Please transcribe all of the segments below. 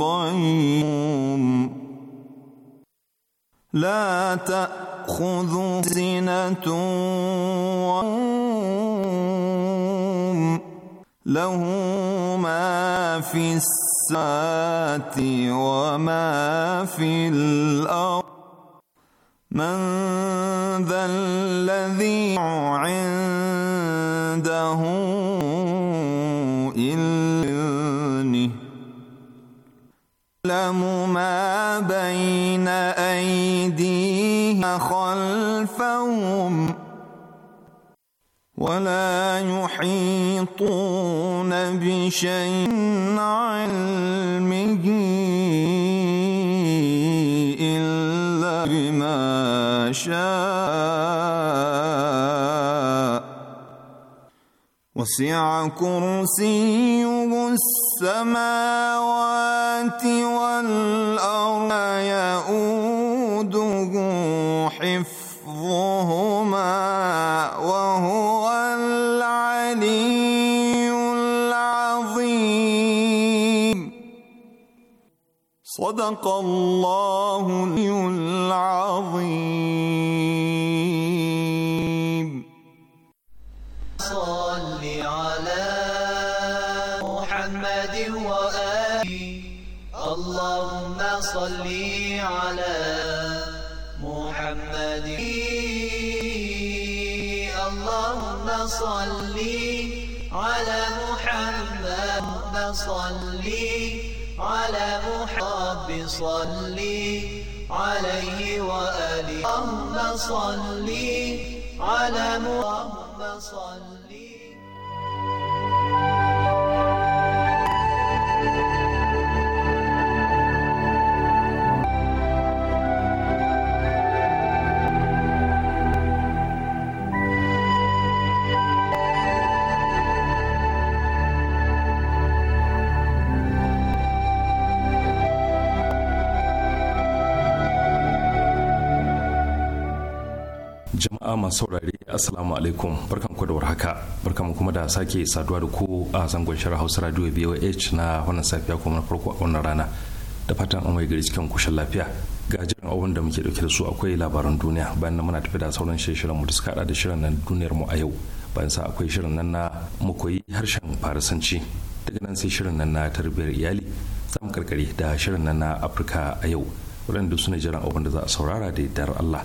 القيوم لا تأخذ سنة وهم له ما في السات وما في الأرض من ذا الذي عنده يعلم ما بين أيديهم خلفهم ولا يحيطون بشيء علمه إلا بما شاء وسع كرسيه السماوات والأرض يؤوده حفظهما وهو العلي العظيم صدق الله العظيم صل على محمد اللهم صل على محمد صل على محمد صل عليه وآله اللهم صل على محمد صل masu saurare assalamu alaikum barkan ku da warhaka barkan kuma da sake saduwa da ku a zangon shirin Hausa Radio BOH na wannan safiya kuma na farko a wannan rana da fatan an waye gari cikin kushin lafiya ga jiran abun da muke dauke da su akwai labaran duniya bayan nan muna tafi da sauran shirin mu da suka da shirin nan duniyar mu a yau bayan sa akwai shirin nan na makoyi harshen farisanci daga nan sai shirin nan na tarbiyyar iyali zamu karkare da shirin nan na Afirka a yau waɗanda suna jiran abun da za a saurara da dar Allah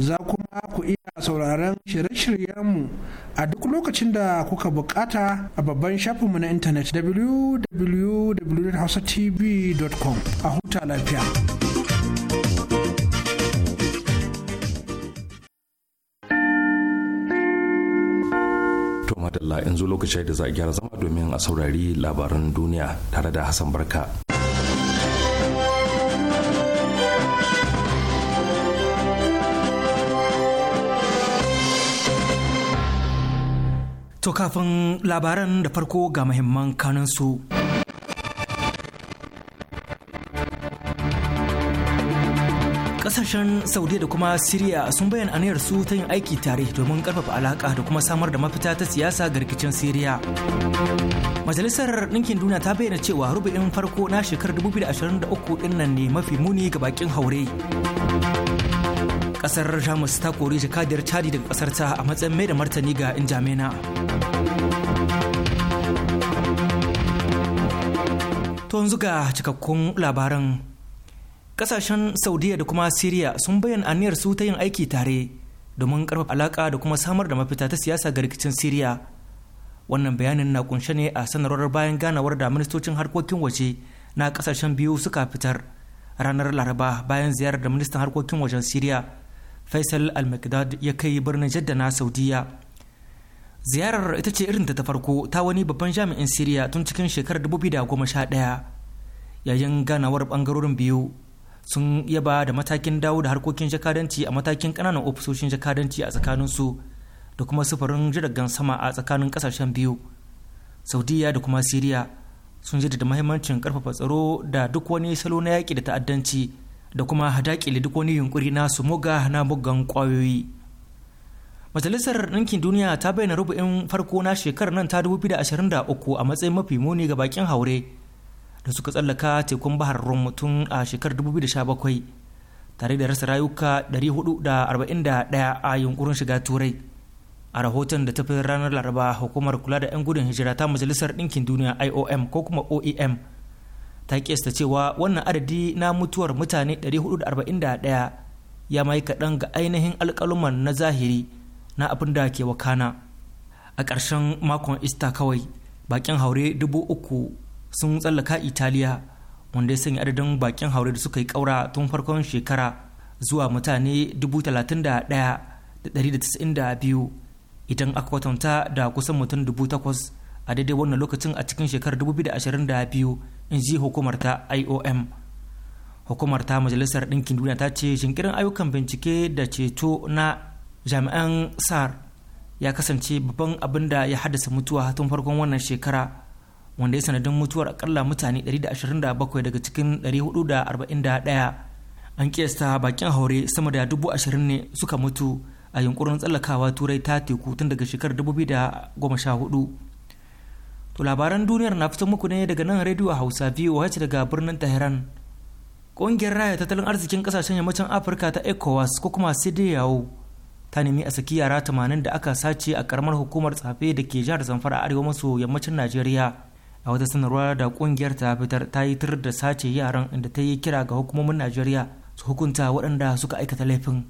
za kuma ku iya sauraron shirye-shiryenmu a duk lokacin da kuka bukata a babban shafinmu na intanet www.hausatv.com a huta lafiya. To madalla in zo lokacin da za a gyara zama domin a saurari labaran duniya tare da Hassan Barka. To kafin labaran da farko ga muhimman kanansu. Kasashen Saudiya da kuma Siriya sun bayyana aniyar su ta yin aiki tare domin karfafa alaka da kuma samar da mafita ta siyasa ga rikicin Siriya. Majalisar Ɗinkin Duniya ta bayyana cewa rubu'in farko na shekarar 2023 ɗin nan ne mafi muni ga bakin haure. kasar jamus ta kori jakadiyar chadi daga kasar ta a matsayin mai da martani ga injamena to yanzu ga cikakkun labaran kasashen saudiya da kuma siriya sun bayyana aniyar su ta yin aiki tare domin karfafa alaka da kuma samar da mafita ta siyasa ga rikicin siriya wannan bayanin na kunshe ne a sanarwar bayan ganawar da ministocin harkokin waje na kasashen biyu suka fitar ranar laraba bayan ziyarar da ministan harkokin wajen siriya faisal al-mikdad ya kai birnin jadda na saudiya ziyarar ita ce irin ta farko ta wani babban jami'in siriya tun cikin shekarar 2011 yayin ganawar bangarorin biyu sun yaba da matakin dawo da harkokin jakadanci a matakin kananan ofisoshin jakadanci a tsakaninsu da kuma sufurin jiragen sama a tsakanin kasashen biyu saudiya da kuma siriya sun jaddada mahimmancin karfafa tsaro da duk wani salo na yaƙi da ta'addanci da kuma hadakili duk wani yunkuri na sumoga na muggan kwayoyi. majalisar ɗinkin duniya ta bayyana rubu'in farko na shekarar nan ta 2023 a matsayin mafi muni ga bakin haure da suka tsallaka tekun bahar rum tun a shekarar 2017 tare da rasa rayuka 441 a yunkurin shiga turai a rahoton da ta fi ranar laraba hukumar kula da 'yan gudun hijira ta majalisar ɗinkin duniya iom ko kuma oem ta kesta cewa wannan adadi na mutuwar mutane 441 ya mai kaɗan ga ainihin alƙaluman na zahiri na abin da ke wakana a ƙarshen makon ista kawai bakin haure dubu uku sun tsallaka italiya wanda ya sanya adadin bakin haure da suka yi ƙaura tun farkon shekara zuwa mutane dubu idan aka kwatanta da kusan mutum dubu a daidai wannan lokacin a cikin shekarar 2022 in ji hukumar ta iom hukumar ta majalisar ɗinkin duniya ta ce shinkirin ayyukan bincike da ceto na jami'an sar ya kasance babban abin da ya haddasa mutuwa tun farkon wannan shekara wanda ya sanadin mutuwar akalla mutane 127 daga cikin 441 an kiyasta bakin haure sama da ashirin ne suka mutu a yunkurin tsallakawa turai ta teku tun daga shekarar 2014 To labaran duniyar na fito muku ne daga nan rediyo Hausa VOH daga birnin Tehran. Ƙungiyar raya tattalin arzikin ƙasashen yammacin Afirka ta ECOWAS ko kuma CDAO ta nemi a saki yara tamanin da aka sace a karamar hukumar tsafe da ke jihar Zamfara arewa maso yammacin Najeriya. A wata sanarwa da ƙungiyar ta fitar ta yi tur da sace yaran inda ta yi kira ga hukumomin Najeriya su hukunta waɗanda suka aikata laifin.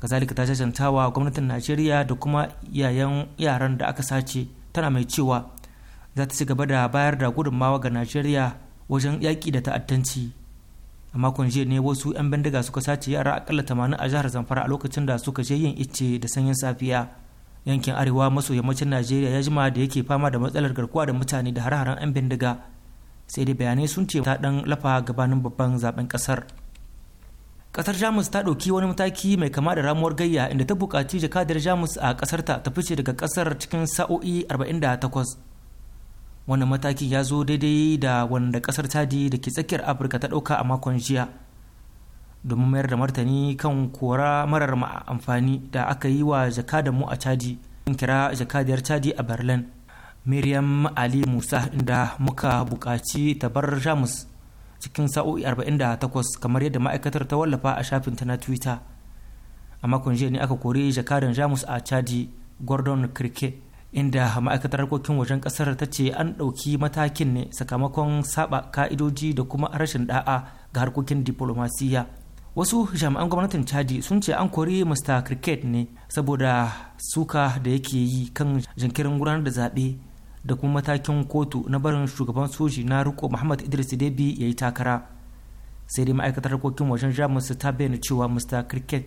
Kazalika ta cancanta wa gwamnatin Najeriya da kuma yayan yaran da aka sace tana mai cewa za ta ci gaba da bayar da gudunmawa ga najeriya wajen yaƙi da ta'addanci a makon jiya ne wasu 'yan bindiga suka sace yara akalla tamanin a jihar zamfara a lokacin da suka je yin icce da sanyin safiya yankin arewa maso yammacin najeriya ya jima da yake fama da matsalar garkuwa da mutane da har-haren 'yan bindiga sai dai bayanai sun ce ta dan lafa gabanin babban zaben kasar kasar jamus ta ɗauki wani mataki mai kama da ramuwar gayya inda ta buƙaci jakadar jamus a ƙasarta ta fice daga kasar cikin sa'o'i 48 wannan mataki ya zo daidai da wanda kasar chadi da ke tsakiyar afirka ta ɗauka a makon jiya domin mayar da martani kan kora marar amfani da aka yi wa mu a chadi kira jakadiyar chadi a berlin miriam ali musa inda muka buƙaci ta bar jamus cikin sa'o'i 48 kamar yadda ma'aikatar ta wallafa a shafin ta na twitter a makon jiya ne aka kori jakadan jamus a chadi gordon kirke inda ma'aikatar harkokin wajen kasar ta ce an ɗauki matakin ne sakamakon saba ka'idoji da kuma rashin da'a ga harkokin diplomasiya wasu jami'an gwamnatin chadi sun ce an kori mr cricket ne saboda suka da yake yi kan jinkirin gudanar da zaɓe da kuma matakin kotu na barin shugaban soji na riko muhammad idris debi ya yi takara sai dai ma'aikatar harkokin wajen jamus ta bayyana cewa mr cricket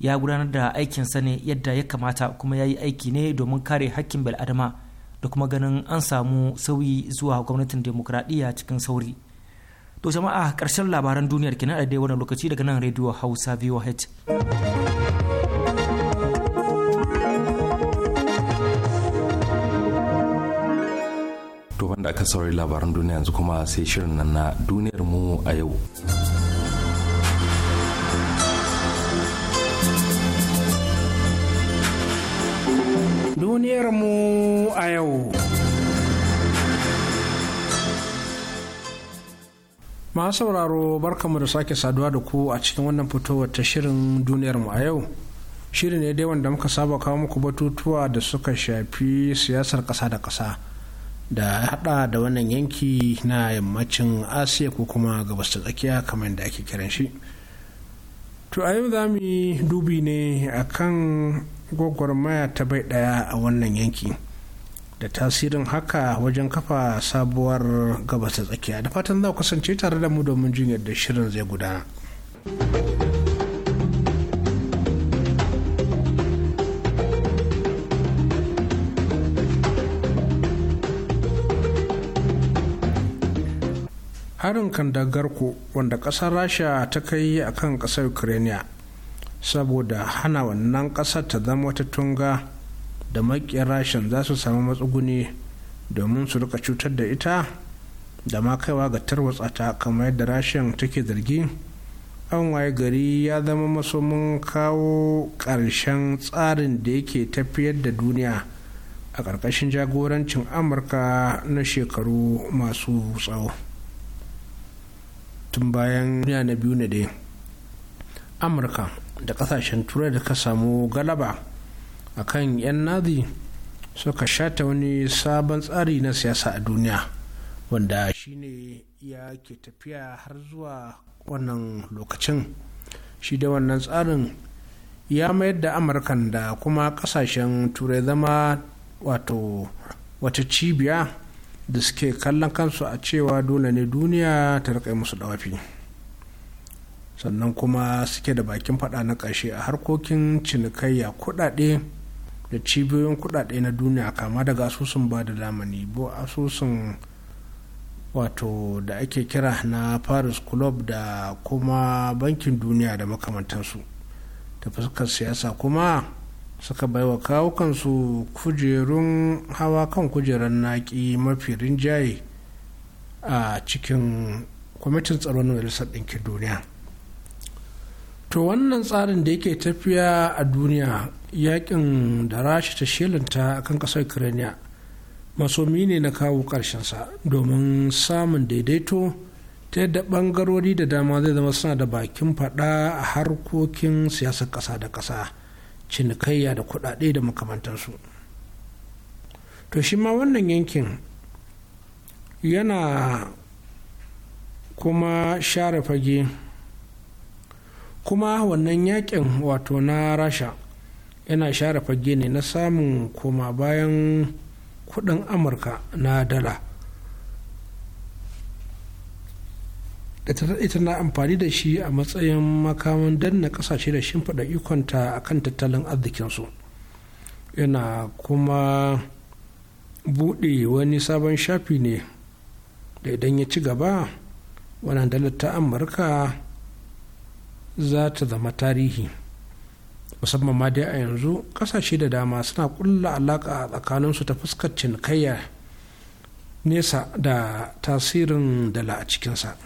ya gudanar da aikinsa ne yadda ya kamata kuma ya yi aiki ne domin kare hakkin bil'adama da kuma ganin an samu sauyi zuwa gwamnatin demokradiyya cikin sauri to jama'a karshen labaran duniyar kenan a dai wannan lokaci daga nan rediyo hausa voh to wanda aka saurari labaran duniya yanzu kuma sai shirin nan na duniyar mu a yau Duniyarmu a yau. Masu sauraro barkamu da sake saduwa da ku a cikin wannan fitowar ta shirin duniyarmu a yau. Shiri ne dai wanda muka saba kawo muku batutuwa da suka shafi siyasar ƙasa da ƙasa da hada da wannan yanki na yammacin Asiya ko kuma gabas ta tsakiya kamar da ake kiran shi. To a yau za dubi ne akan gwagwarmaya ta bai daya a wannan yanki da tasirin haka wajen kafa sabuwar gabas ta tsakiya da fatan za ku kasance tare da mu domin jin yadda shirin zai gudana. harin ku wanda ƙasar rasha ta kai a kan ƙasar ukraine saboda hana wannan ƙasar ta zama wata tunga da maƙiyar rashin za su samu matsuguni domin su rika cutar da ita da ma kaiwa ga tarwatsa ta kamar yadda rashin take zargi an waye gari ya zama masomin kawo ƙarshen tsarin da yake tafiyar da duniya a ƙarƙashin jagorancin amurka na shekaru masu tsawo tun bayan duniya na biyu na dai amurka da kasashen turai da ka samu galaba a kan 'yan nazi suka shata wani sabon tsari na siyasa a duniya wanda shine ya ke tafiya har zuwa wannan lokacin shi da wannan tsarin ya mayar da amurkan da kuma kasashen turai zama wato wata cibiya da suke kallon kansu a cewa dole ne duniya ta rika musu dawafi. sannan kuma suke da bakin fada na ƙarshe a harkokin cinikayya kuɗaɗe da cibiyoyin kuɗaɗe na duniya kama daga asusun ba da lamani bo asusun wato da ake kira na paris club da kuma bankin duniya da makamantansu ta fuskar siyasa kuma suka baiwa wa kawukansu kujerun hawa kan kujerar naƙi mafi rinjaye a cikin kwamitin tsaron majalisar ɗinkin duniya to wannan tsarin da yake tafiya a duniya yakin da rashi ta shelanta a kan ƙasar ukraine masomi ne na kawo sa domin samun daidaito ta yadda ɓangarori da dama zai zama suna da bakin faɗa a harkokin siyasar ƙasa da ƙasa cinikayya da kudade da makamantansu to shi ma wannan yankin yana kuma share fage kuma wannan yakin wato na rasha yana share fage ne na samun koma bayan kudin amurka na dala da ta ita na amfani da shi a matsayin makaman danna ƙasashe da shimfiɗa ikonta a kan tattalin arzikinsu yana kuma buɗe wani sabon shafi ne da idan ya ci gaba wannan dalar ta amurka za ta zama tarihi musamman ma dai a yanzu kasashe da dama suna kulla alaka tsakaninsu ta fuskar cinikayya nesa da tasirin dala a cikinsa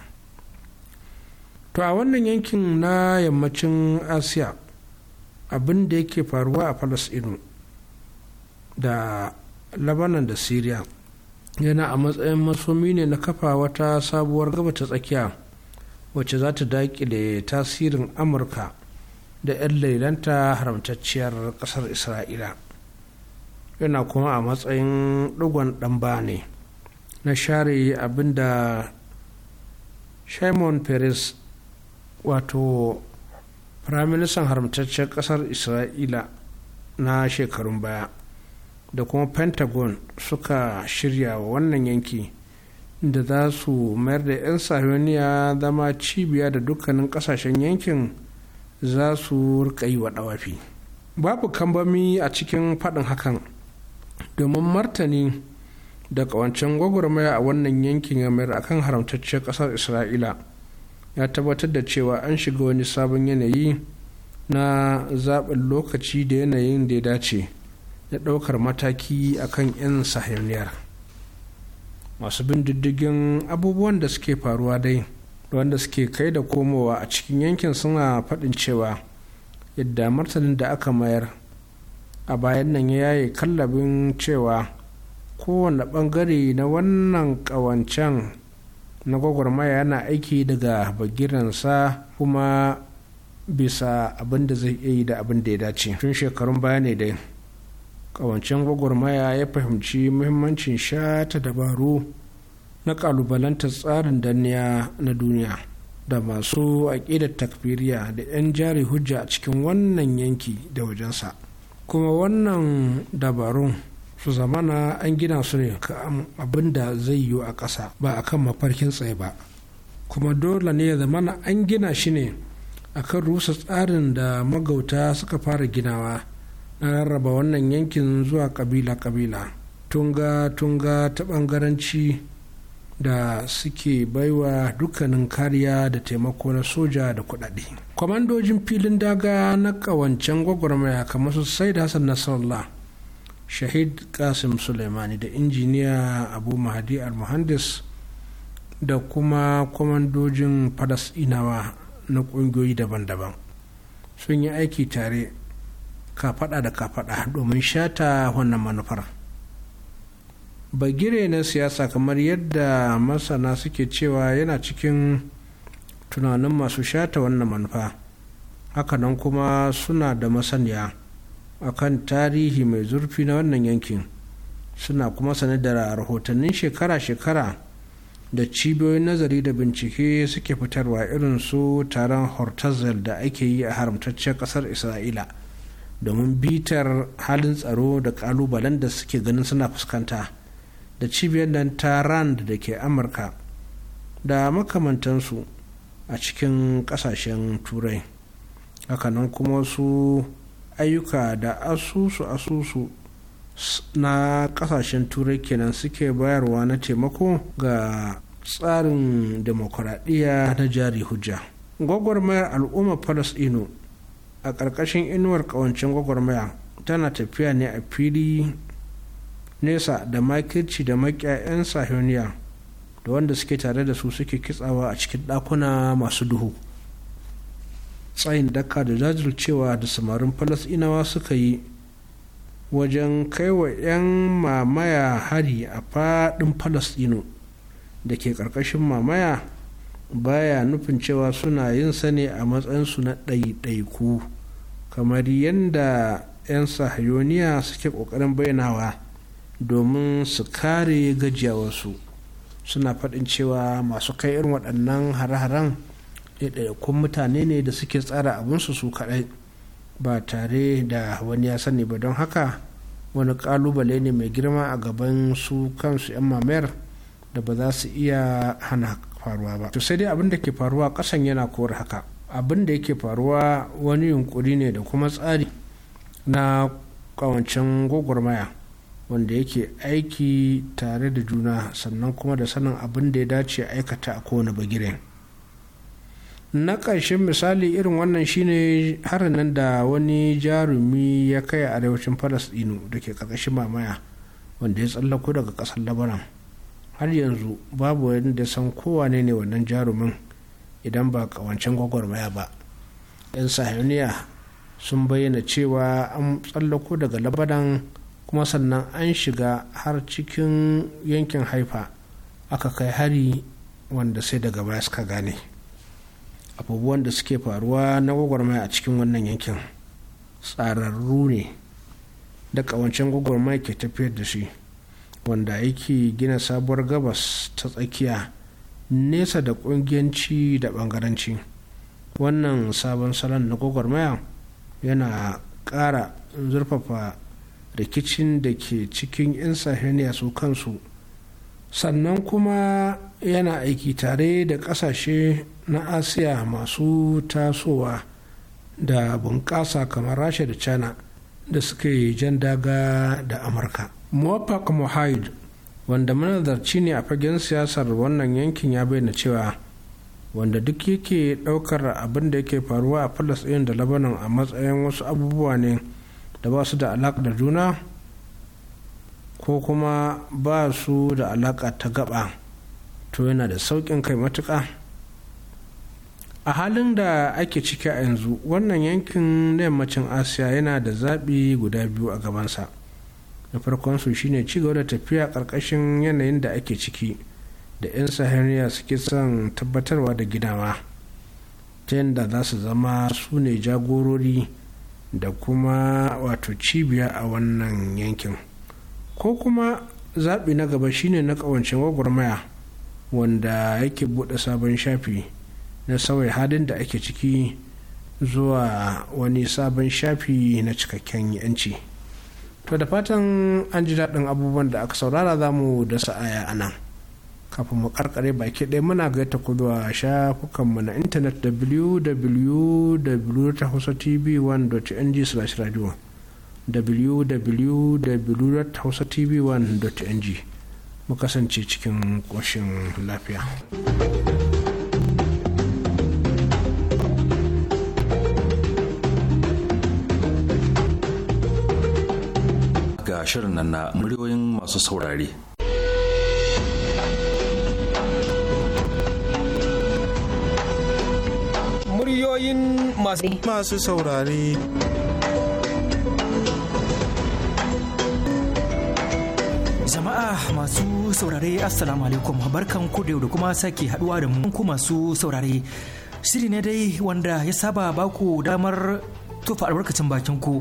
to a wannan yankin na yammacin asiya abin da yake faruwa a falasɗinu da labanan da syria yana a matsayin masomi ne na kafa wata sabuwar gaba ta tsakiya wacce za ta daƙile tasirin amurka da 'yan lailanta haramtacciyar ƙasar isra'ila yana kuma a matsayin ɗigon ɗan ne na share abinda shimon peres wato firaministan haramtacciyar ƙasar isra'ila na shekarun baya da kuma pentagon suka shirya wa wannan yanki da za su mayar da 'yan sahiyoniya zama cibiya da dukkanin kasashen yankin za su rika yi wa dawafi babu kambami a cikin faɗin hakan domin martani da kawancen gwagwarmaya a wannan yankin ya mayar akan haramtacciyar ƙasar isra'ila ya tabbatar da cewa an shiga wani sabon yanayi na zaɓin lokaci da yanayin da ya dace da ɗaukar mataki akan 'yan sahiyoniyar. masu bin diddigin abubuwan da suke faruwa dai wanda suke kai da komowa a cikin yankin suna faɗin cewa yadda martanin da aka mayar a bayan nan ya yi kallabin cewa kowane ɓangare na wannan ƙawancen na gwagwarmaya yana aiki daga bagiransa kuma bisa abin da zai iya yi da abin da ya dace tun shekarun baya ne dai kawancin gwagwarmaya ya fahimci muhimmancin shata dabaru na kalubalantar tsarin danniya na duniya da masu aƙidar takfiriya da 'yan jari hujja a cikin wannan yanki da wajensa kuma wannan dabarun su zamana an gina su ne kan abin da zai yiwu a ƙasa ba a kan mafarkin tsaye ba kuma dole ne ya zamana an gina shi ne a kan rusa tsarin da magauta suka fara ginawa na rarraba wannan yankin zuwa kabila-kabila tunga-tunga ta bangaranci da suke baiwa dukkanin kariya da taimako na soja da kudade. kwamandojin filin daga na kawancen gwagwarmaya kamar su sai da hassan nasarallah shahid kasim suleimani da injiniya abu mahadi al-muhandis da kuma kwamandojin fadas inawa na kungiyoyi daban-daban sun yi aiki tare kafaɗa da kafaɗa domin shata wannan manufar bagire na siyasa kamar yadda masana suke cewa yana cikin tunanin masu shata wannan manufa hakanan kuma suna da masaniya akan tarihi mai zurfi na wannan yankin suna kuma sane da rahotannin shekara-shekara da cibiyoyin nazari da bincike suke fitarwa irin su taron hortazel da ake yi a haramtacciyar kasar isra'ila domin bitar halin tsaro da kalubalen da suke ganin suna fuskanta da cibiyar nan ta rand da ke amurka da makamantansu a cikin kasashen turai hakanan kuma su ayyuka da asusu asusu na kasashen turai kenan suke bayarwa na taimako ga tsarin demokuraɗiyya na jari hujja gwagwarmayar al'ummar palestino a ƙarƙashin inuwar ƙawancin gwagwarmaya tana tafiya ne a fili nesa da makirci da makiya 'yan sahiyoniya da wanda suke tare da su suke kitsawa a cikin ɗakuna masu duhu tsayin daka da jajircewa da samarin falasinawa suka yi wajen kaiwa 'yan mamaya hari a faɗin falasɗinu da ke ƙarƙashin mamaya baya nufin cewa suna yin sani ne a matsayinsu na ɗaiɗaiku kamar yadda 'yan sahayoniya suke ƙoƙarin bayyanawa domin su kare gajiyawarsu suna faɗin cewa masu kai irin waɗannan har haren ɗaiɗaikun mutane ne da suke tsara abinsu su kaɗai ba tare da wani ya sani ba don haka wani ƙalubale ne mai girma a gaban su kansu 'yan mamayar da ba za su iya hana faruwa ba to sai dai abin da ke faruwa kasan yana kore haka abin da yake faruwa wani yunkuri ne da kuma tsari na kawancin gwagwarmaya wanda yake aiki tare da juna sannan kuma da sanin abin da ya dace aikata a kowane bagire na ƙarshen misali irin wannan shine harin nan da wani jarumi ya kai a arewacin falasɗinu da ke ƙarƙashin mamaya wanda ya tsallako daga ƙasar labaran har yanzu babu wanda san kowane ne wannan jarumin idan ba kawancin gwagwarmaya ba yan sahauniya sun bayyana cewa an tsallako daga labadan kuma sannan an shiga har cikin yankin haifa aka kai hari wanda sai daga baya suka gane abubuwan da suke faruwa na gwagwarmaya a cikin wannan yankin tsararru ne da kawancin gwagwarmaya ke tafiyar da shi wanda yake gina sabuwar gabas ta tsakiya nesa da kungiyanci da bangaranci wannan sabon salon na gwagwarmaya yana ƙara zurfafa rikicin da ke cikin 'yan sahiniya su kansu sannan kuma yana aiki tare da ƙasashe na asiya masu tasowa da bunƙasa kamar rasha da china da suke jan daga da amurka muwafaq muhaid wanda manazarci ne a fagen siyasar wannan yankin ya bayyana cewa wanda duk yake daukar abin da yake faruwa a falasɗin da labanan a matsayin wasu abubuwa ne da ba su da alaƙa da juna ko kuma ba su da alaƙa ta gaba to yana da sauƙin kai matuƙa a halin da ake ciki a yanzu wannan yankin na yammacin asiya yana da zaɓi guda biyu a gabansa na farkon su shine cigaba da tafiya ƙarƙashin yanayin da ake ciki da 'yan sahariya suke son tabbatarwa da gidawa ta yadda za su zama su ne jagorori da kuma wato cibiya a wannan yankin ko kuma zaɓi na gaba shine na ƙawancin gwagwarmaya wanda yake buɗe sabon shafi na sauya halin da ake ciki zuwa wani sabon shafi na cikakken 'yanci. to da fatan an ji daɗin abubuwan da aka saurara za mu da aya a nan kafin mu karkare baki ɗaya muna gaita ku zuwa shafukanmu na intanet www.hausatv1.ng slash radio www.hausatv1.ng mu kasance cikin ƙoshin lafiya. shirin nan na muryoyin masu saurare. Muryoyin masu saurare. Jama'a masu saurare Assalamu alaikum barkan ku da kuma sake haduwa da mu masu saurare. Shiri ne dai wanda ya saba baku damar tufa albarkacin bakin ku.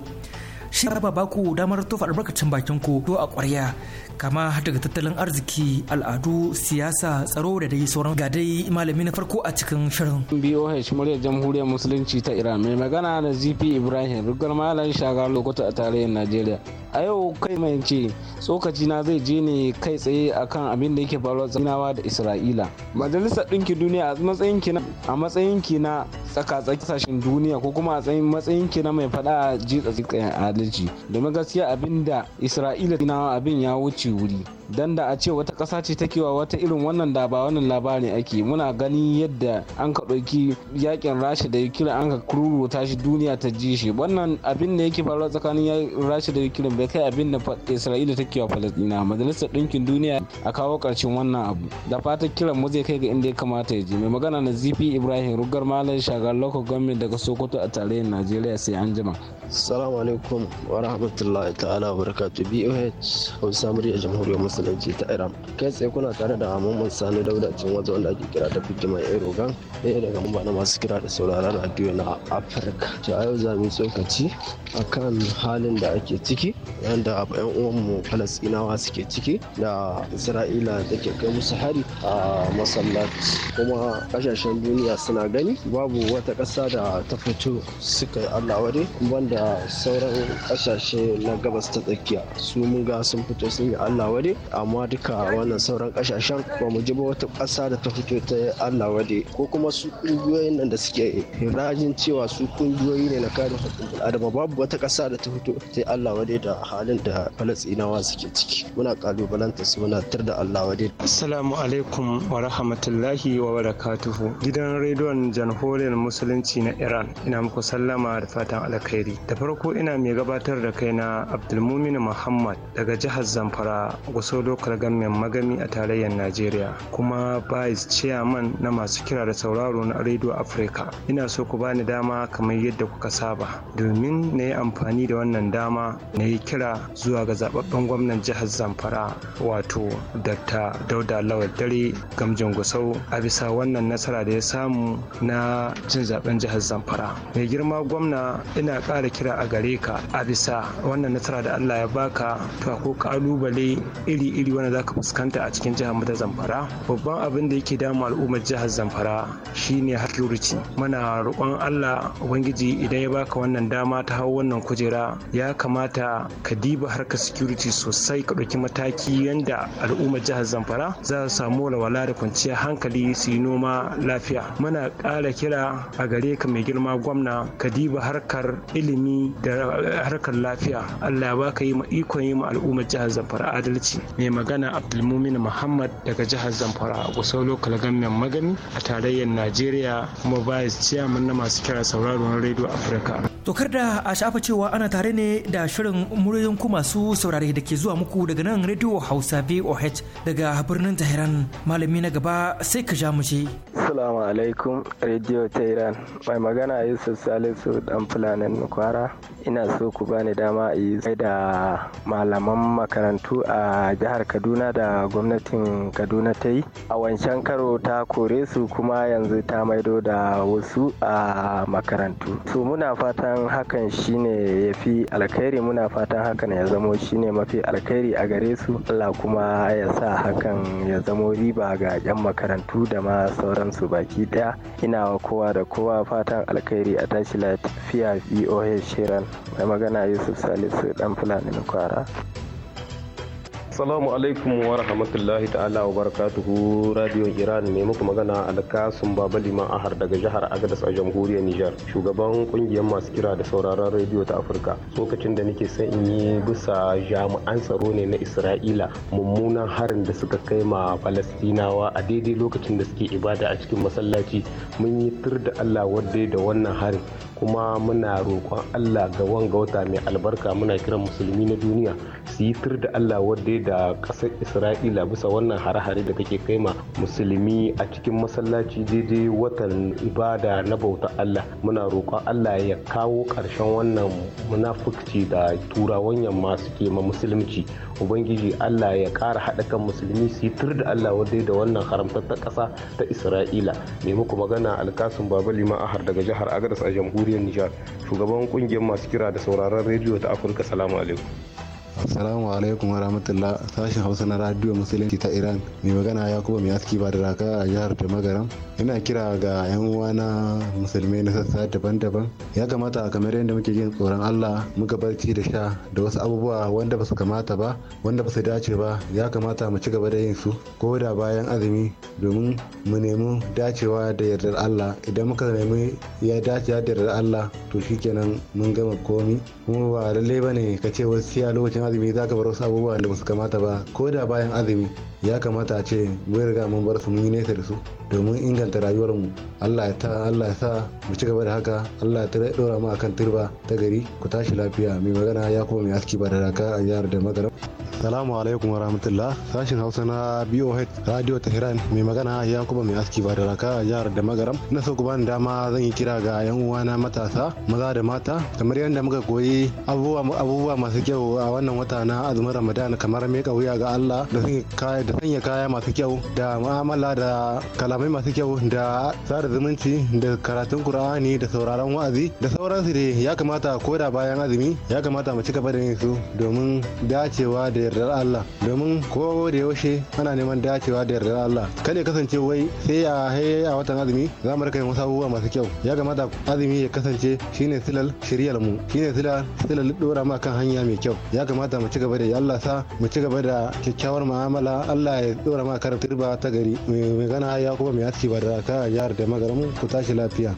shi ba ba ku damar tofa albarkacin bakin ku to a ƙwarya kama daga tattalin arziki al'adu siyasa tsaro da dai sauran ga dai malami na farko a cikin shirin BOH muryar jamhuriyar musulunci ta Iran mai magana na ZP Ibrahim rugar malam shagar lokuta a tarayyar Najeriya a yau kai mai ce tsokaci na zai je ne kai tsaye akan abin da yake faruwa tsanawa da isra'ila majalisar ɗinkin duniya a matsayin ki na a matsayin ki na tsakatsaki sashen duniya ko kuma a matsayin ki na mai faɗa ji tsatsayin adalci domin gaskiya abin da isra'ila na abin ya wuce wuri dan da a ce wata ƙasa ce take wa wata irin wannan da ba wannan labari ake muna gani yadda an ka ɗauki yakin rasha da ukraine an ka kururuta shi duniya ta ji shi wannan abin da yake faruwa tsakanin rasha da ukraine bai kai abin da isra'ila take wa falasɗina majalisar ɗinkin duniya a kawo ƙarshen wannan abu da fatan kiran mu zai kai ga inda ya kamata ya je mai magana na zifi ibrahim rugar malam shagar local government daga sokoto a tarayyar najeriya sai an jima Assalamu alaikum wa rahmatullahi ta'ala wa barakatu BOH Hausa murya jamhuriyar musulunci ta Iran. Kai tsaye kuna tare da Muhammad Sani Dauda cin wajen wanda ake kira da mai Erogan ɗaya daga mamba na masu kira da sauraron radio na Afirka. To a yau za mu tsokaci akan halin da ake ciki yadda yan uwanmu falastinawa suke ciki da isra'ila take kai musu hari a masallaci kuma kasashen duniya suna gani babu wata ƙasa da ta fito suka yi allah wade banda sauran ƙasashe na gabas ta tsakiya su mun ga sun fito sun yi allah wade amma duka wannan sauran ƙasashen ba mu ji ba wata ƙasa da ta fito ta yi allah wade ko kuma su ƙungiyoyin nan da suke rajin cewa su ƙungiyoyi ne na kare haƙƙin adama babu wata ƙasa da ta fito ta yi allah wade da a halin da falasinawa suke ciki muna kalubalanta su muna tar da allah wade assalamu alaikum wa rahmatullahi wa barakatuhu gidan rediyon janhorin musulunci na iran ina muku sallama da fatan alkhairi da farko ina mai gabatar da kaina abdulmumin muhammad daga jihar zamfara gusau lokal gamin magami a tarayyar najeriya kuma vice chairman na masu kira da sauraro na radio africa ina so ku bani dama kamar yadda kuka saba domin na yi amfani da wannan dama na yi kira zuwa ga zababben gwamnan jihar zamfara wato dr dauda lawal dare gamjin gusau a bisa wannan nasara da ya samu na cin zaben jihar zamfara mai girma gwamna ina ƙara kira a gare ka a bisa wannan nasara da allah ya baka to ko kalubale iri-iri wanda za ka fuskanta a cikin jihar mata zamfara babban abin da yake damu al'ummar jihar zamfara shine security Mana roƙon allah ubangiji idan ya baka wannan dama ta hau wannan kujera ya kamata ka diba harkar security sosai ka ɗauki mataki yanda al'ummar jihar zamfara za su samu walwala da kwanciyar hankali su yi noma lafiya muna ƙara kira a gare ka mai girma gwamna ka diba harkar ilimi da harkar lafiya allah ba ka yi ma ikon yi ma al'ummar jihar zamfara adalci mai magana abdulmumin muhammad daga jihar zamfara a kusa lokal gamin magani a tarayyar najeriya kuma bayas ciyaman na masu kira sauraron rediyo afirka tokar da a shafa cewa ana tare ne da shirin muryoyin ku masu saurare da ke zuwa muku daga nan Radio Hausa VOH daga birnin Tehran. Malami na gaba sai ka ja mu ce Assalamu alaikum Radio Tehran. Mai magana Yusuf Salisu dan fulanin Kwara. ina so ku bani dama a yi zai da malaman makarantu a jihar kaduna da gwamnatin kaduna ta yi a wancan karo ta kore su kuma yanzu ta maido da wasu a makarantu so muna fatan hakan shine ya fi alkhairi muna fatan hakan ya zamo shine mafi alkhairi a gare su allah kuma ya sa hakan ya zamo riba ga 'yan makarantu da ma sauransu baki daya ina wa kowa da kowa fatan alkhairi a tashi lafiya voh shirin mai magana yusuf salisu dan fulani na kwara Assalamu alaikum wa rahmatullahi ta'ala wa barakatuhu Radio Iran ne muku magana alkasun Baba Liman Ahar daga jihar Agadas a jamhuriyar Nijar shugaban kungiyar masu kira da sauraron rediyo ta Afirka lokacin da nake son in yi bisa jami'an tsaro ne na Isra'ila mummunan harin da suka kai ma Falastinawa a daidai lokacin da suke ibada a cikin masallaci mun yi tur da Allah wadda da wannan harin kuma muna roƙon Allah ga wanga wata mai albarka muna kiran musulmi na duniya su yi tur da Allah wadda da ƙasar Isra'ila bisa wannan hare-hare da take kaima musulmi a cikin masallaci daidai watan ibada na bauta Allah muna roƙon Allah ya kawo ƙarshen wannan munafukci da turawan yamma suke ma musulunci ubangiji Allah ya ƙara haɗa kan musulmi su yi tur da Allah wadda da wannan ta ƙasa ta Isra'ila mai muku magana alkasun baba a ahar daga jihar Agadas a jamhuriyar muryar nijar shugaban kungiyar masu kira da sauraron rediyo ta afirka salamu alaikum Assalamu alaikum warahmatullah sashen Hausa na Radio Musulunci ta Iran. Mai magana ya kuma mai aski ba da raka a jihar ta magaram. Ina kira ga 'yan uwa na musulmai na sassa daban-daban. Ya kamata kamar yadda muke jin tsoron Allah muka barci da sha da wasu abubuwa wanda ba su kamata ba wanda ba su dace ba ya kamata mu ci gaba da yin su ko da bayan azumi domin mu nemi dacewa da yardar Allah idan muka nemi ya dace da yardar Allah to shikenan mun gama komi kuma ba lallai bane ka ce wasu siya lokacin azumi za ka bar wasu abubuwa da basu kamata ba ko da bayan azumi ya kamata a ce mun riga mun bar su mun yi nesa da su domin inganta rayuwarmu allah ya ta allah ya sa mu ci gaba da haka allah ya ɗora mu akan turba ta gari ku tashi lafiya mai magana ya kuma mai aski ba da raka a jihar da magaram Salamu alaikum warahmatullah sashin Hausa na BOH Radio Tehran mai magana ya kuma mai aski ba da raka a jihar da magaram na so bani dama zan yi kira ga yan uwana matasa maza da mata kamar yadda muka koyi abubuwa masu kyau a wannan wata na azumin ramadan kamar mai kauya ga allah da sanya kaya masu kyau da mu'amala da kalamai masu kyau da sada zumunci da karatun kur'ani da sauraron wa'azi da sauransu dai ya kamata ko da bayan azumi ya kamata mu ci gaba da yin su domin dacewa da yardar allah domin ko da yaushe ana neman dacewa da yardar allah kada kasance wai sai a a watan azumi za mu rika yin wasu abubuwa masu kyau ya kamata azumi ya kasance shine silal shiryar mu shine silal silal dora ma kan hanya mai kyau ya kamata kamata mu ci gaba da yi Allah sa mu ci gaba da kyakkyawar mu'amala Allah ya dora ma karar turba ta gari mai gana ya kuma mai aski ba da ka jihar da magaramu ku tashi lafiya.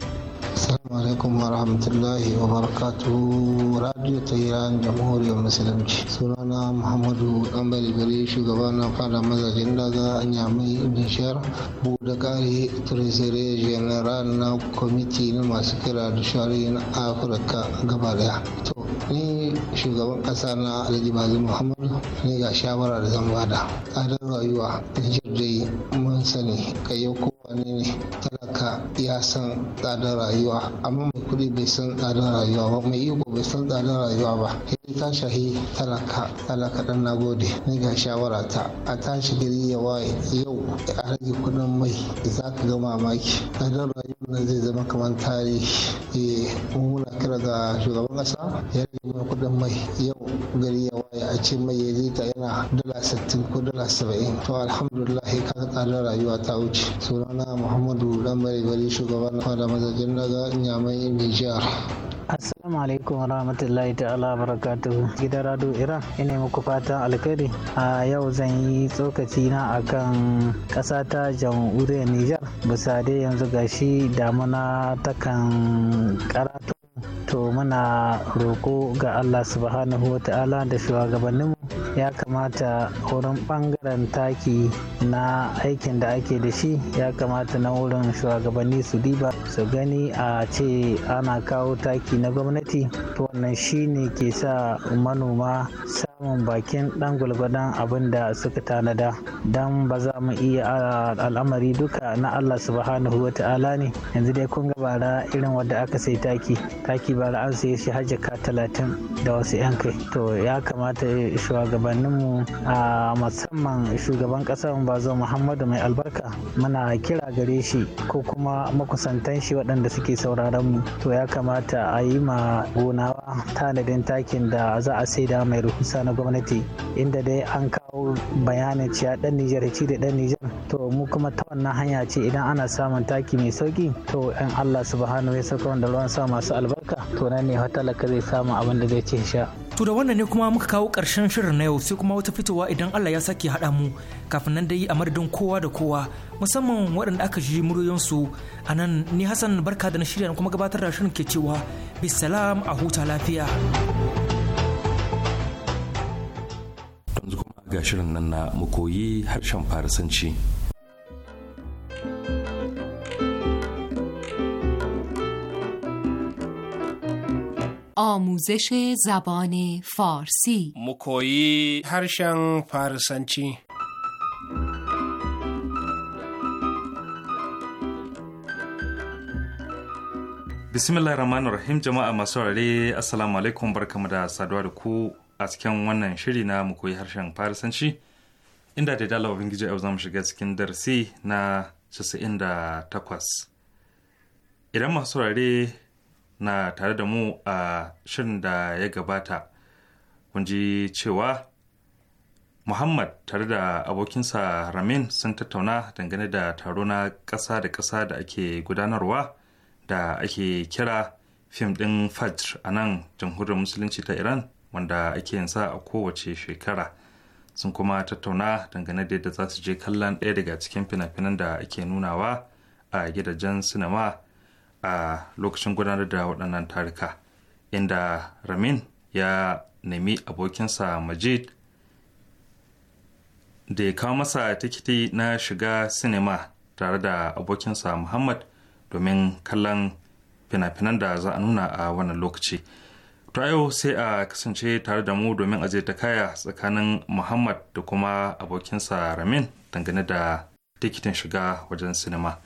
Assalamu alaikum wa rahmatullahi wa barakatuhu Radio Tehran Jamhuriyar Musulunci. Sunana Muhammadu Ɗanbali Bari shugaba na fada mazajen daga Anyamai Nishar buɗe ƙari Tresere General na kwamiti na masu kira da Shari'a na Afirka gaba daya. To, ni shugaban ƙasa na Alhaji Bazi Muhammadu ne ga shawara da zan bada. Tsadar rayuwa, Nishar dai mun sani, kayyau kowane ne talaka ya san tsadar rayuwa amma mai kuɗi bai san tsarin rayuwa ba mai iko bai san tsarin rayuwa ba sai ta shahi talaka talaka dan nagode ni ga shawara ta a tashi gari ya waye yau a rage kuɗin mai za ka ga mamaki tsarin rayuwa nan zai zama kamar tarihi eh, Mun muna kira ga shugaban ƙasa ya rage mana kuɗin mai yau gari ya waye a ce mai ya ta yana dala sittin ko dala saba'in to alhamdulillah ka tsadar rayuwa ta wuce sunana muhammadu dan bari bari shugaban fada mazajen daga birnin Yamai Nijar. Assalamu alaikum wa rahmatullahi ta'ala barakatu gidan rado Iran ina muku fatan alkhairi a yau zan yi tsokaci na akan ƙasa ta jamhuriyar Nijar bisa dai yanzu gashi damuna takan karatu to muna roko ga Allah subhanahu wa ta'ala da shugabanninmu ya kamata wurin bangaren taki na aikin da ake da shi ya kamata na wurin shugabanni su diba su gani a ce ana kawo taki na gwamnati to wannan shi ne ke sa manoma sa samun bakin dan gulgudan abin da suka tanada don ba za mu iya al'amari duka na Allah subhanahu wa ta'ala ne yanzu dai kun bara irin wadda aka sai taki taki bara an sai shi hajjaka talatin da wasu yan kai to ya kamata shugabanninmu a musamman shugaban kasar zo muhammadu mai albarka muna kira gare shi ko kuma makusantan shi waɗanda suke sauraron mu to ya kamata a yi ma gonawa tanadin takin da za a saida mai rahusa na na gwamnati inda dai an kawo bayanin cewa dan Nijar ci da dan Nijar to mu kuma ta wannan hanya ce idan ana samun taki mai sauki to in Allah subhanahu ya saka wanda ruwan sa masu albarka to nan ne talaka zai samu abin da zai ci sha. To da wannan ne kuma muka kawo karshen shirin na yau sai kuma wata fitowa idan Allah ya sake haɗa mu kafin nan dai a madadin kowa da kowa musamman waɗanda aka ji muryoyinsu a nan ni Hassan barka da na shirya kuma gabatar da shirin ke cewa bisalam a huta lafiya. ga shirin nan na koyi harshen farisanci. آموزش زبان فارسی مکویی هرشن فارسنچی bismillah rahim jama'a masu rare assalamu alaikum barkamu da saduwa da ku a cikin wannan shiri na mu koyi harshen farisanci inda da dalawa ubangiji yau zamu shiga cikin darasi na 98 idan masu saurare na tare da mu a shirin da ya gabata kun ji cewa muhammad tare da abokinsa ramin sun tattauna dangane da taro na ƙasa da ƙasa da ake gudanarwa da ake kira fim ɗin fajr a nan jamhuriyar musulunci ta iran wanda ake yin sa a kowace shekara sun kuma tattauna dangane da yadda za su je kallon ɗaya daga cikin fina-finan da ake nunawa a gidajen sinima a lokacin gudanar da waɗannan tarika inda ramin ya nemi abokinsa majid da ya kawo masa tikiti na shiga sinima tare da abokinsa muhammad domin kallon fina-finan da za a nuna a wannan lokaci ta yau sai a kasance tare da mu domin aje ta kaya tsakanin muhammad da kuma abokinsa ramin dangane da tikitin shiga wajen sinima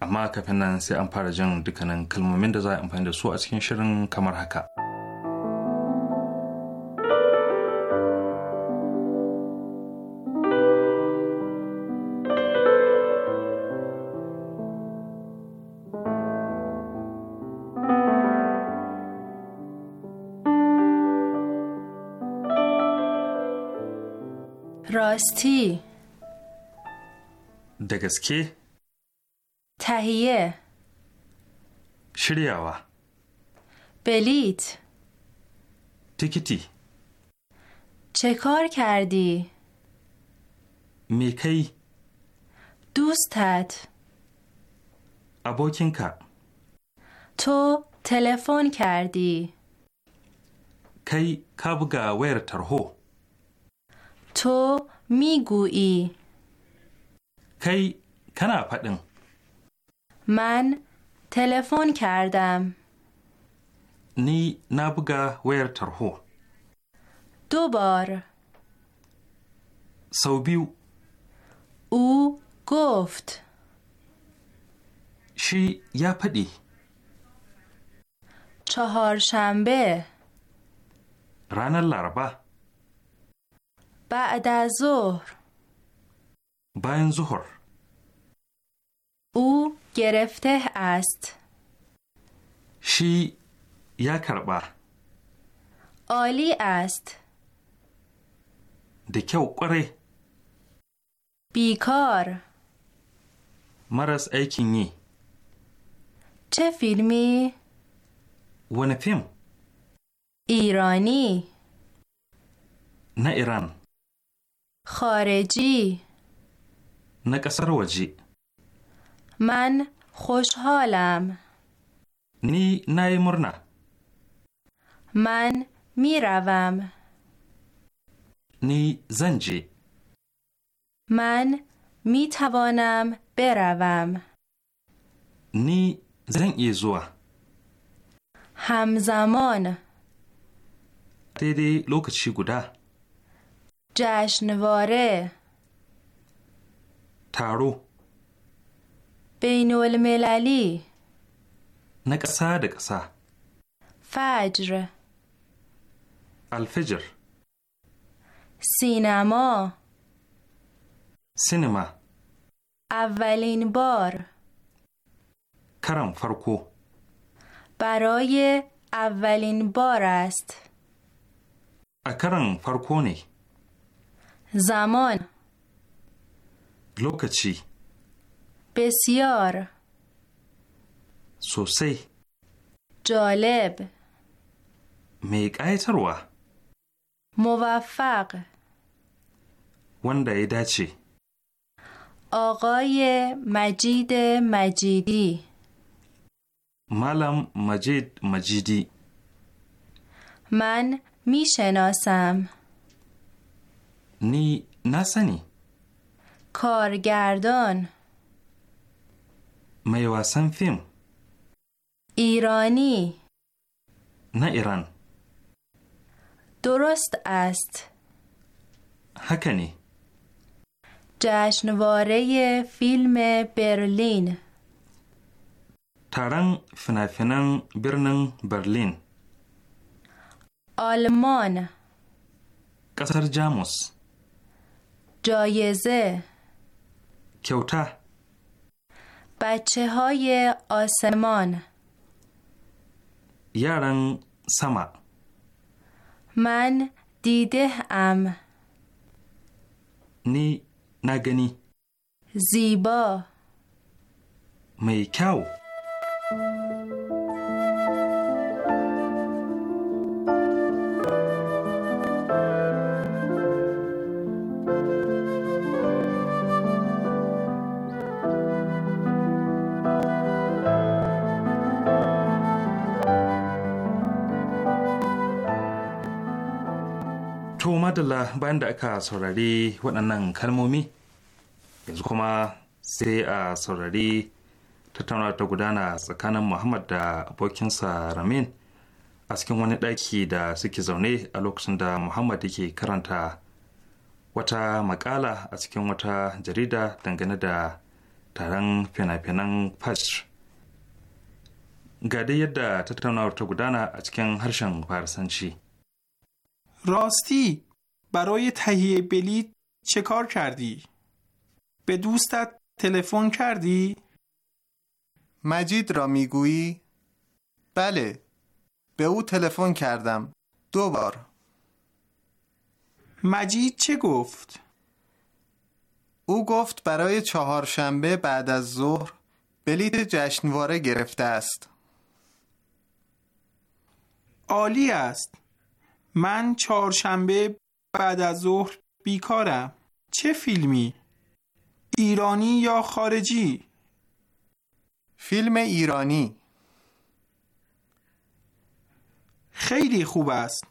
amma kafin nan sai an fara jin dukkanin kalmomin da za a amfani da su a cikin shirin kamar haka. راستی دگسکی تهیه شریعه بلیت تکیتی چه کار کردی؟ میکی دوستت ابوکینکا تو تلفن کردی کی کابگا ویر ترهو تو میگویی کی کنا پدن من تلفن کردم نی نبگا ویر ترهو دو بار سوبیو او گفت شی یا پدی چهارشنبه ران لربه بعد از ظهر باین ظهر او گرفته است شی یا کربا عالی است و قره بیکار مرس ایکینی چه فیلمی؟ ون فیلم ایرانی نه ایران خارجی نکسروجی. من خوشحالم. نی نای من میروم. نی زنجی. من می توانم بروم. نی زن زوا. همزمان. دیدی لوکچی گوده جشنواره تارو بین المللی نکسا دکسا فجر الفجر سینما سینما اولین بار کرم فرکو برای اولین بار است اکرم فرکو زمان لوکچی بسیار سوسی جالب میگایتروا موفق ونده داچی آقای مجید مجیدی مالم مجید مجیدی من میشناسم نی نسنی کارگردان میواسم فیلم ایرانی نه ایران درست است هکنی جشنواره فیلم برلین ترن فنافنن برنن برلین آلمان قصر جاموس جایزه کیوته بچه های آسمان یارن سما من دیده ام نی نگنی زیبا میکاو bayan da aka saurari waɗannan kalmomi yanzu kuma sai a saurari tattaunawa ta gudana tsakanin muhammad da abokinsa ramin a cikin wani ɗaki da suke zaune a lokacin da muhammad yake karanta wata makala a cikin wata jarida dangane da taron fina-finan fash ga dai yadda tattaunawar ta gudana a cikin harshen farisanci. Rosti. برای تهیه بلیط چه کار کردی؟ به دوستت تلفن کردی؟ مجید را میگویی؟ بله به او تلفن کردم دو بار مجید چه گفت؟ او گفت برای چهارشنبه بعد از ظهر بلیت جشنواره گرفته است عالی است من چهارشنبه بعد از ظهر بیکارم چه فیلمی؟ ایرانی یا خارجی؟ فیلم ایرانی خیلی خوب است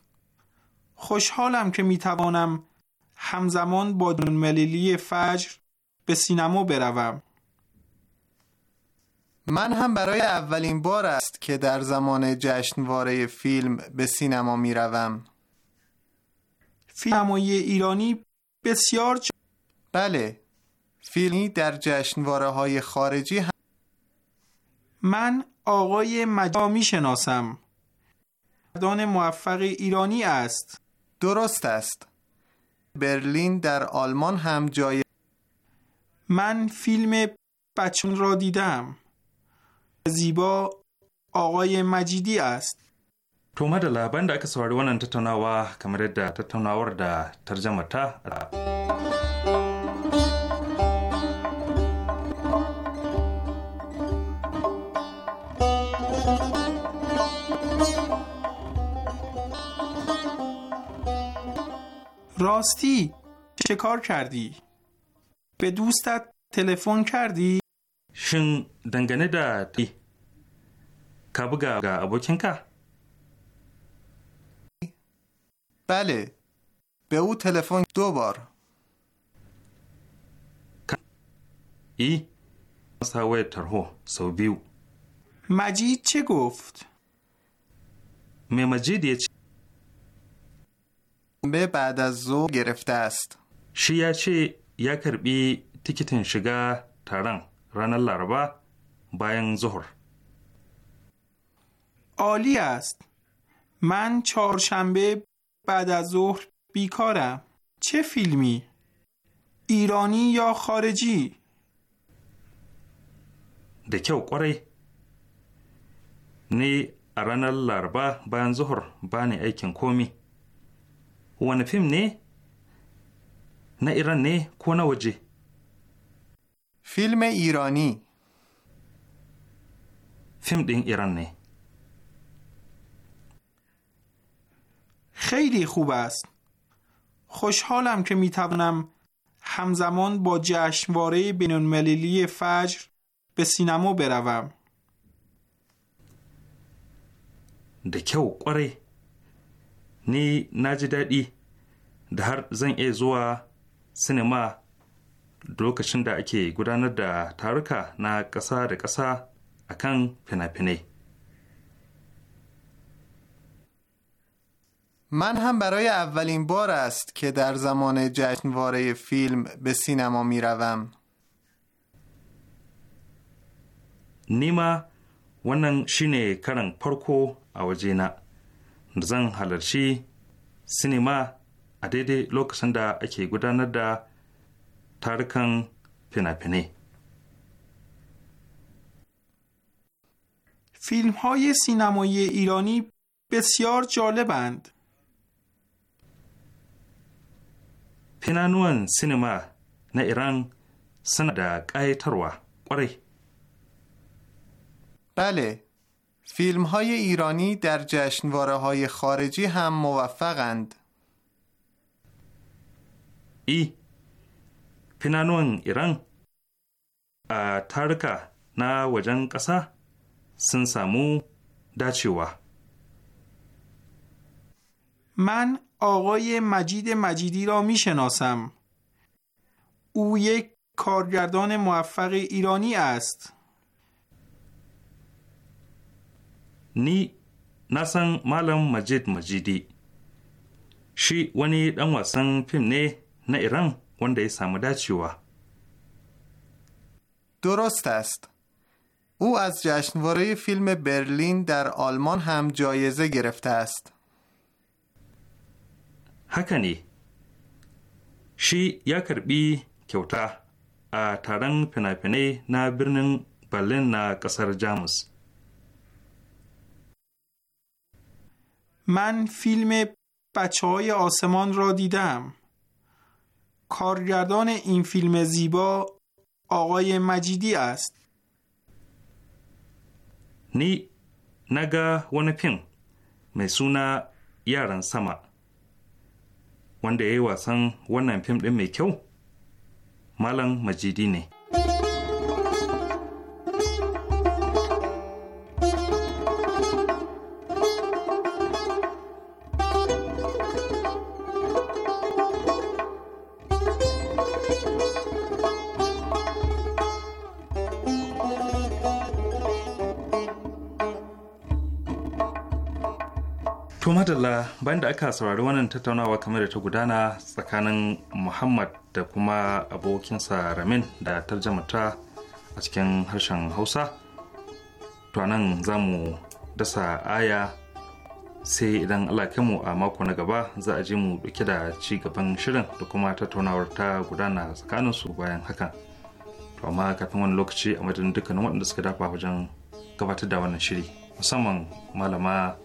خوشحالم که میتوانم همزمان با دونمللی فجر به سینما بروم من هم برای اولین بار است که در زمان جشنواره فیلم به سینما میروم فیلم ایرانی بسیار ج... بله فیلمی در جشنواره های خارجی من آقای مجا می شناسم دان موفق ایرانی است درست است برلین در آلمان هم جای من فیلم بچون را دیدم زیبا آقای مجیدی است To da bayan da aka saurari wannan tattaunawa kamar yadda tattaunawar da tarjamata a راستی چه کار کردی؟ به دوستت تلفن کردی؟ شن دنگنه دادی؟ دی کابگا گا ابوکنکا بله به او تلفن دو بار ای مجید چه گفت؟ می مجید یه چه؟ به بعد از زو گرفته است شی یا چه یا کربی تیکتین شگا تران ران لاربا باین زهر. عالی است من چهارشنبه بعد از ظهر بیکارم چه فیلمی؟ ایرانی یا خارجی؟ دکه اوکاری نی ارانه لاربا بان ظهر ای ایکن کومی وان فیلم نی؟ نه ایران نی کونا وجه فیلم ایرانی فیلم دین ایران نی خیلی خوب است. خوشحالم که می توانم همزمان با جشنواره بینالمللی فجر به سینما بروم. da kyau kwarai ni na ji daɗi da har zan iya zuwa sinima lokacin da ake gudanar da taruka na ƙasa da ƙasa akan fina-finai من هم برای اولین بار است که در زمان جشنواره فیلم به سینما می روم. نیما wannan شینه کرن پرکو a wajena حلرشی zan halarci sinima a daidai lokacin da ake gudanar da فیلم های سینمایی ایرانی بسیار جالبند. finanuwan sinima na iran suna da ƙayatarwa ƙwarai بله فیلم های ایرانی در جشنواره های خارجی هم موفقند ای فینانون ایران تارکا نا وجن قسا سن سامو داچیوا من آقای مجید مجیدی را می شناسم. او یک کارگردان موفق ایرانی است. نی نسان مالم مجید مجیدی شی ونی دن واسن فیلم نه نه ایران ونده ای سامو درست است. او از جشنواره فیلم برلین در آلمان هم جایزه گرفته است. haka ne shi ya karbi kyauta a taron fina-finai na birnin berlin na kasar jamus من فیلم بچه های آسمان را دیدم کارگردان این فیلم زیبا آقای مجیدی است نی نگا ونپین میسونا یارن سما wanda ya yi wasan wannan fim ɗin mai kyau malam majidi ne To madalla bayan da aka saurari wannan tattaunawa kamar da ta gudana tsakanin Muhammad da kuma abokinsa Ramin da tarjamata a cikin harshen Hausa. To nan za mu dasa aya sai idan Allah mu a mako na gaba za a je mu dauke da ci gaban shirin da kuma tattaunawar ta gudana tsakaninsu bayan hakan. To amma kafin wani lokaci a madadin dukkanin waɗanda suka dafa wajen gabatar da wannan shiri musamman malama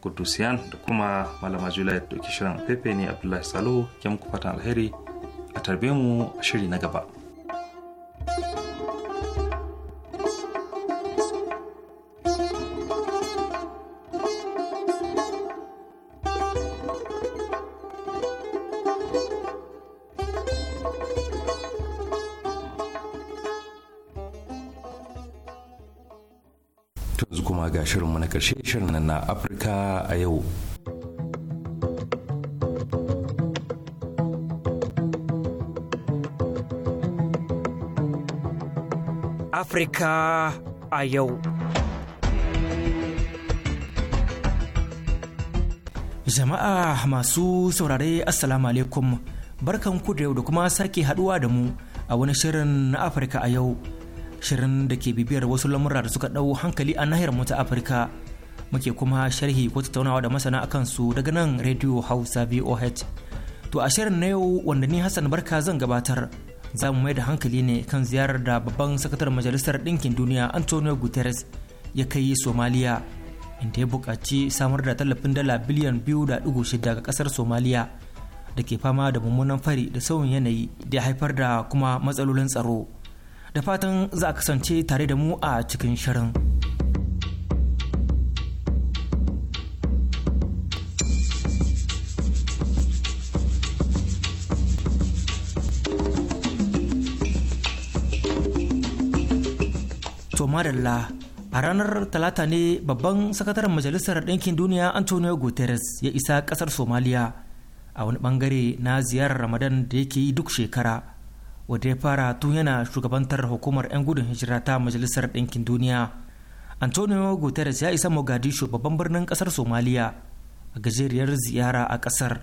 kudusiyan da kuma malama juliet dauki shirin pepe ne abdullahi salo ke muku fatan alheri a tarbe mu a shiri na gaba yanzu kuma ga shirinmu na ƙarshe shirin na Afirka a yau. Afirka a yau. Jama'a masu saurare Assalamu alaikum barkan ku da yau da kuma sake haduwa da mu a wani shirin na Afirka a yau. Shirin da ke bibiyar wasu lamura da suka ɗau hankali a nahiyar mu ta Afirka. muke kuma sharhi ko tattaunawa da masana akan su daga nan Radio Hausa VOH. To a shirin na yau wanda ni Hassan Barka zan gabatar za mu mai da hankali ne kan ziyarar da babban sakatar majalisar ɗinkin duniya Antonio Guterres ya kai Somaliya inda ya buƙaci samar da tallafin dala biliyan biyu da ɗigo shida ga ƙasar Somaliya da ke fama da mummunan fari da sauyin yanayi da ya haifar da kuma matsalolin tsaro. Da fatan za a kasance tare da mu a cikin shirin. Madalla a ranar talata ne babban sakataren majalisar ɗinkin duniya Antonio Guterres ya isa ƙasar Somaliya a wani bangare na ziyarar Ramadan da yake yi duk shekara wadda ya fara tun yana shugabantar hukumar 'yan gudun hijira ta majalisar ɗinkin duniya. Antonio Guterres ya isa Mogadishu babban birnin ƙasar Somaliya a gajeriyar ziyara a ƙasar.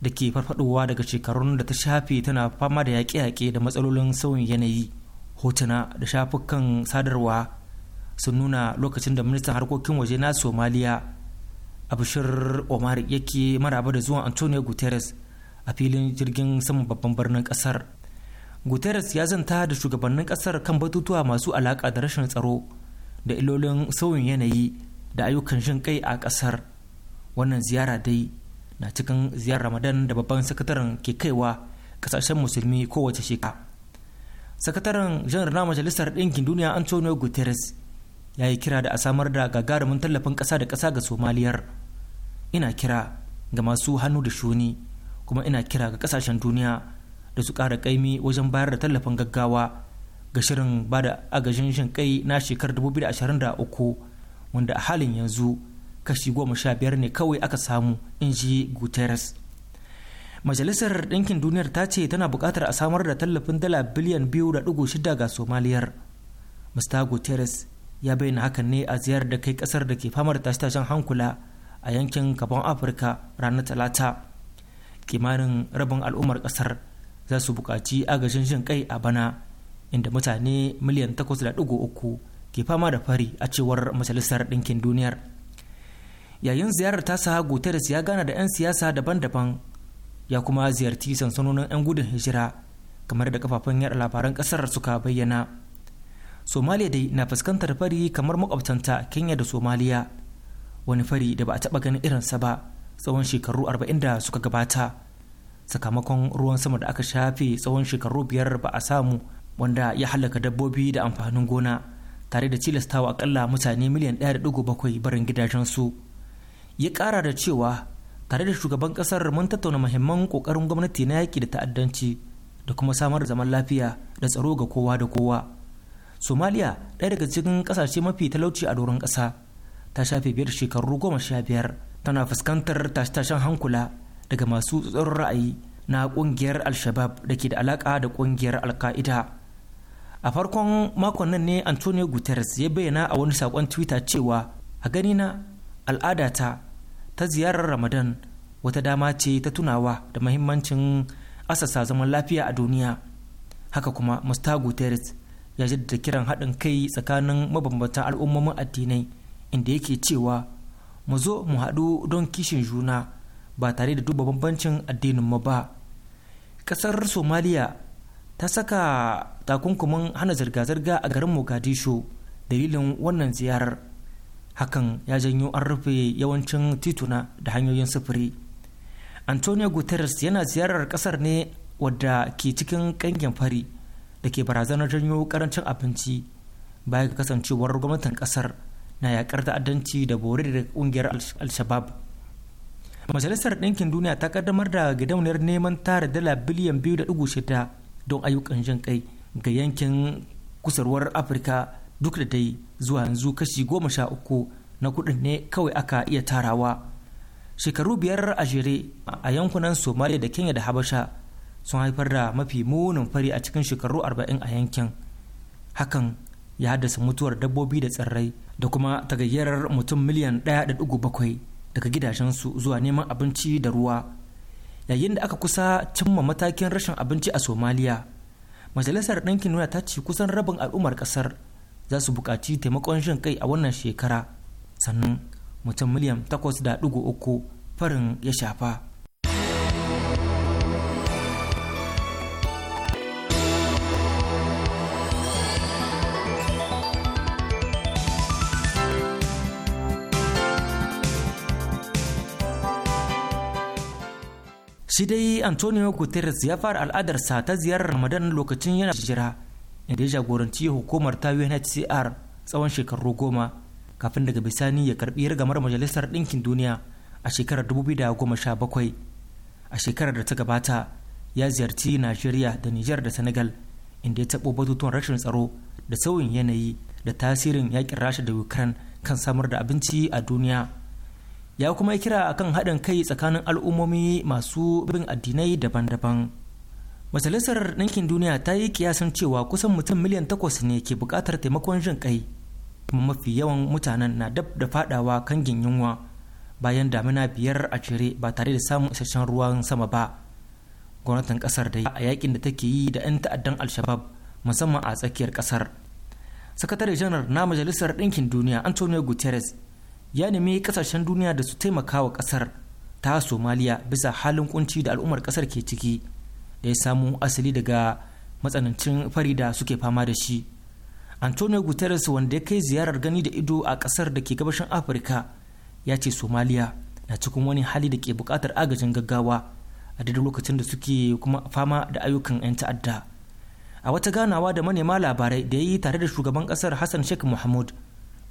da ke farfadowa daga shekarun da ta shafe tana fama da yaƙe-yaƙe da matsalolin sauyin yanayi hotuna da shafukan sadarwa sun nuna lokacin da ministan harkokin waje na somaliya a abishir omar yake maraba da zuwan antonio guterres a filin jirgin saman babban birnin kasar guterres ya zanta da shugabannin kasar kan batutuwa masu alaƙa da rashin tsaro da ilolin sauyin yanayi da ayyukan jin kai a kasar wannan ziyara dai na cikin ziyarar ramadan da babban sakataren ke kaiwa kasashen musulmi kowace shekara sakataren janar na majalisar ɗinkin duniya antonio guterres ya yi kira da a samar da gagarumin tallafin ƙasa da ƙasa ga somaliyar ina kira ga masu hannu da shuni kuma ina kira ga ƙasashen duniya da su ƙara ƙaimi wajen bayar da tallafin gaggawa ga shirin ba da agajin shin kai na shekarar 2023 wanda a halin yanzu kashi goma sha biyar ne kawai aka samu in ji guterres majalisar ɗinkin duniyar ta ce tana buƙatar a samar da tallafin dala biliyan biyu da shida ga somaliyar mista guterres ya bayyana hakan ne a ziyarar da kai kasar da ke da tashe-tashen hankula a yankin gabon afirka ranar talata kimanin rabin al'ummar ƙasar za su buƙaci agajin jin kai a bana inda mutane miliyan 8.3 ke fama da fari a cewar majalisar ɗinkin duniyar yayin ziyarar tasa guterres ya gana da 'yan siyasa daban-daban ya kuma ziyarci sansanonin 'yan gudun hijira kamar da kafafen yada labaran kasar suka bayyana somaliya dai na fuskantar fari kamar makwabtanta kenya da somaliya wani fari da ba a taba ganin irinsa ba tsawon shekaru arba'in da suka gabata sakamakon ruwan sama da aka shafe tsawon shekaru biyar ba a samu wanda ya halaka dabbobi da amfanin gona tare da tilastawa akalla mutane miliyan 1.7 barin gidajensu ya kara da cewa tare da shugaban kasar mun tattauna muhimman kokarin gwamnati na yaki da ta'addanci da kuma samar da zaman lafiya da tsaro ga kowa da kowa somaliya ɗaya daga cikin ƙasashe mafi talauci a doron ƙasa ta shafe biyar shekaru goma sha biyar tana fuskantar tashe-tashen hankula daga masu tsaron ra'ayi na ƙungiyar al-shabab da ke da alaƙa da ƙungiyar al a farkon makon nan ne antonio guterres ya bayyana a wani saƙon twitter cewa a ganina al'adata ta ziyarar ramadan wata dama ce ta tunawa da mahimmancin asasa zaman lafiya a duniya haka kuma musta guterres ya jaddada kiran haɗin kai tsakanin mabambantan al'ummomin addinai inda yake cewa mu zo mu haɗu don kishin juna ba tare da duba bambancin addinin mu ba ƙasar somaliya ta saka takunkumin hana zirga-zirga a garin mogadishu dalilin wannan ziyarar hakan ya janyo an rufe yawancin tituna da hanyoyin sufuri antonio guterres yana ziyarar kasar ne wadda ke cikin ƙangin fari da ke barazanar janyo karancin abinci bayan kasancewar gwamnatin kasar na yakar ta'addanci da bore da kungiyar al-shabab majalisar ɗinkin duniya ta kaddamar da gidauniyar neman tara dala biliyan biyu da shida don ayyukan jin kai ga yankin kusurwar afirka duk da dai zuwa yanzu kashi goma sha uku na kuɗin ne kawai aka iya tarawa shekaru biyar a jere a yankunan somaliya da kenya da habasha sun haifar da mafi munin fari a cikin shekaru arba'in a yankin hakan ya haddasa mutuwar dabbobi da tsirrai da kuma tagayyarar mutum miliyan ɗaya da ɗigo bakwai daga gidajensu zuwa neman abinci da ruwa yayin da aka kusa cimma matakin rashin abinci a somaliya majalisar ɗinkin nuna ta ce kusan rabin al'ummar ƙasar za su buƙaci taimakon shan kai a wannan shekara sannan mutum miliyan takwas da uku farin ya shafa shi dai antonio guterres ya fara al'adarsa ta ziyarar ramadan lokacin yana jira inda ya jagoranci hukumar ta UNHCR tsawon shekaru goma kafin daga bisani ya karbi ragamar majalisar ɗinkin duniya a shekarar 2017 a shekarar da ta gabata ya ziyarci Najeriya da nijer da Senegal inda ya taɓo batutuwan rashin tsaro da sauyin yanayi da tasirin yakin rasha da Ukraine kan samar da abinci a duniya ya kuma yi kira akan haɗin kai tsakanin al'ummomi masu bin addinai daban-daban. Majalisar Ɗinkin Duniya ta yi kiyasin cewa kusan mutum miliyan takwas ne ke buƙatar taimakon jin ƙai, kuma mafi yawan mutanen na dab da faɗawa kangin yunwa bayan damina biyar a cire ba tare da samun isasshen ruwan sama ba. Gwamnatin ƙasar da a yakin da take yi da 'yan ta'addan Alshabab musamman a tsakiyar ƙasar. Sakatare janar na Majalisar Ɗinkin Duniya Antonio Guterres ya nemi ƙasashen duniya da su taimaka wa ƙasar ta Somaliya bisa halin kunci da al'ummar ƙasar ke ciki. da ya samu asali daga matsanancin fari da suke fama da shi antonio guterres wanda ya kai ziyarar gani da ido a kasar da ke gabashin afirka ya ce somaliya na cikin wani hali da ke bukatar agajin gaggawa a daidai lokacin da suke kuma fama da ayyukan 'yan ta'adda a wata ganawa da manema labarai da ya yi tare da shugaban kasar hassan sheikh muhammad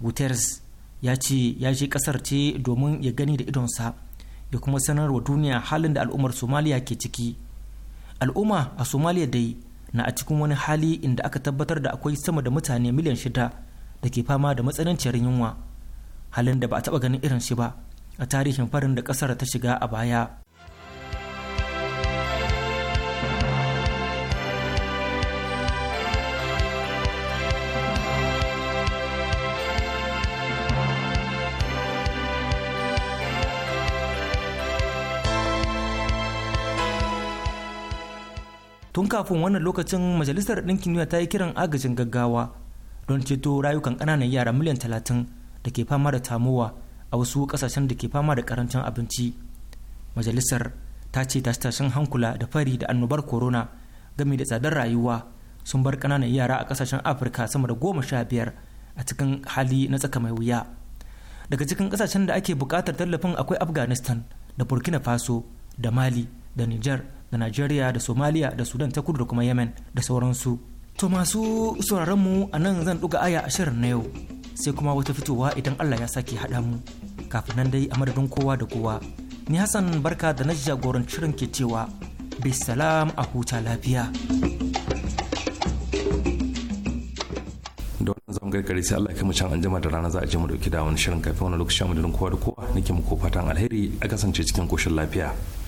guterres ya ce ya je kasar ce domin ya gani da idonsa ya kuma sanarwa duniya halin da al'ummar somaliya ke ciki al'umma a somaliya dai na a cikin wani hali inda aka tabbatar da akwai sama da mutane miliyan shida da ke fama da matsananciyar yunwa halin da ba a taɓa ganin irin shi ba a tarihin farin da ƙasar ta shiga a baya tun kafin wannan lokacin majalisar ɗinkin duniya ta yi kiran agajin gaggawa don ceto rayukan ƙananan yara miliyan talatin da ke fama da tamowa a wasu kasashen da ke fama da ƙarancin abinci majalisar ta ce tashe-tashen hankula da fari da annobar corona game da tsadar rayuwa sun bar ƙananan yara a ƙasashen afirka sama da goma sha biyar a cikin hali na tsaka mai wuya daga cikin ƙasashen da ake buƙatar tallafin akwai afghanistan da burkina faso da mali da niger da Najeriya da Somalia da Sudan ta kudu da kuma Yemen da sauransu. To masu sauraron mu a nan zan duga aya shirin na yau sai kuma wata fitowa idan Allah ya sake haɗa mu kafin nan dai a madadin kowa da kowa. Ni Hassan barka da na jagorancin ke cewa bisalam a huta lafiya. da wannan zamu gargare sai Allah ya mu can anjima da rana za a je mu dauki da wani shirin kafin wani lokacin mu da kowa da kowa nake muku fatan alheri a kasance cikin koshin lafiya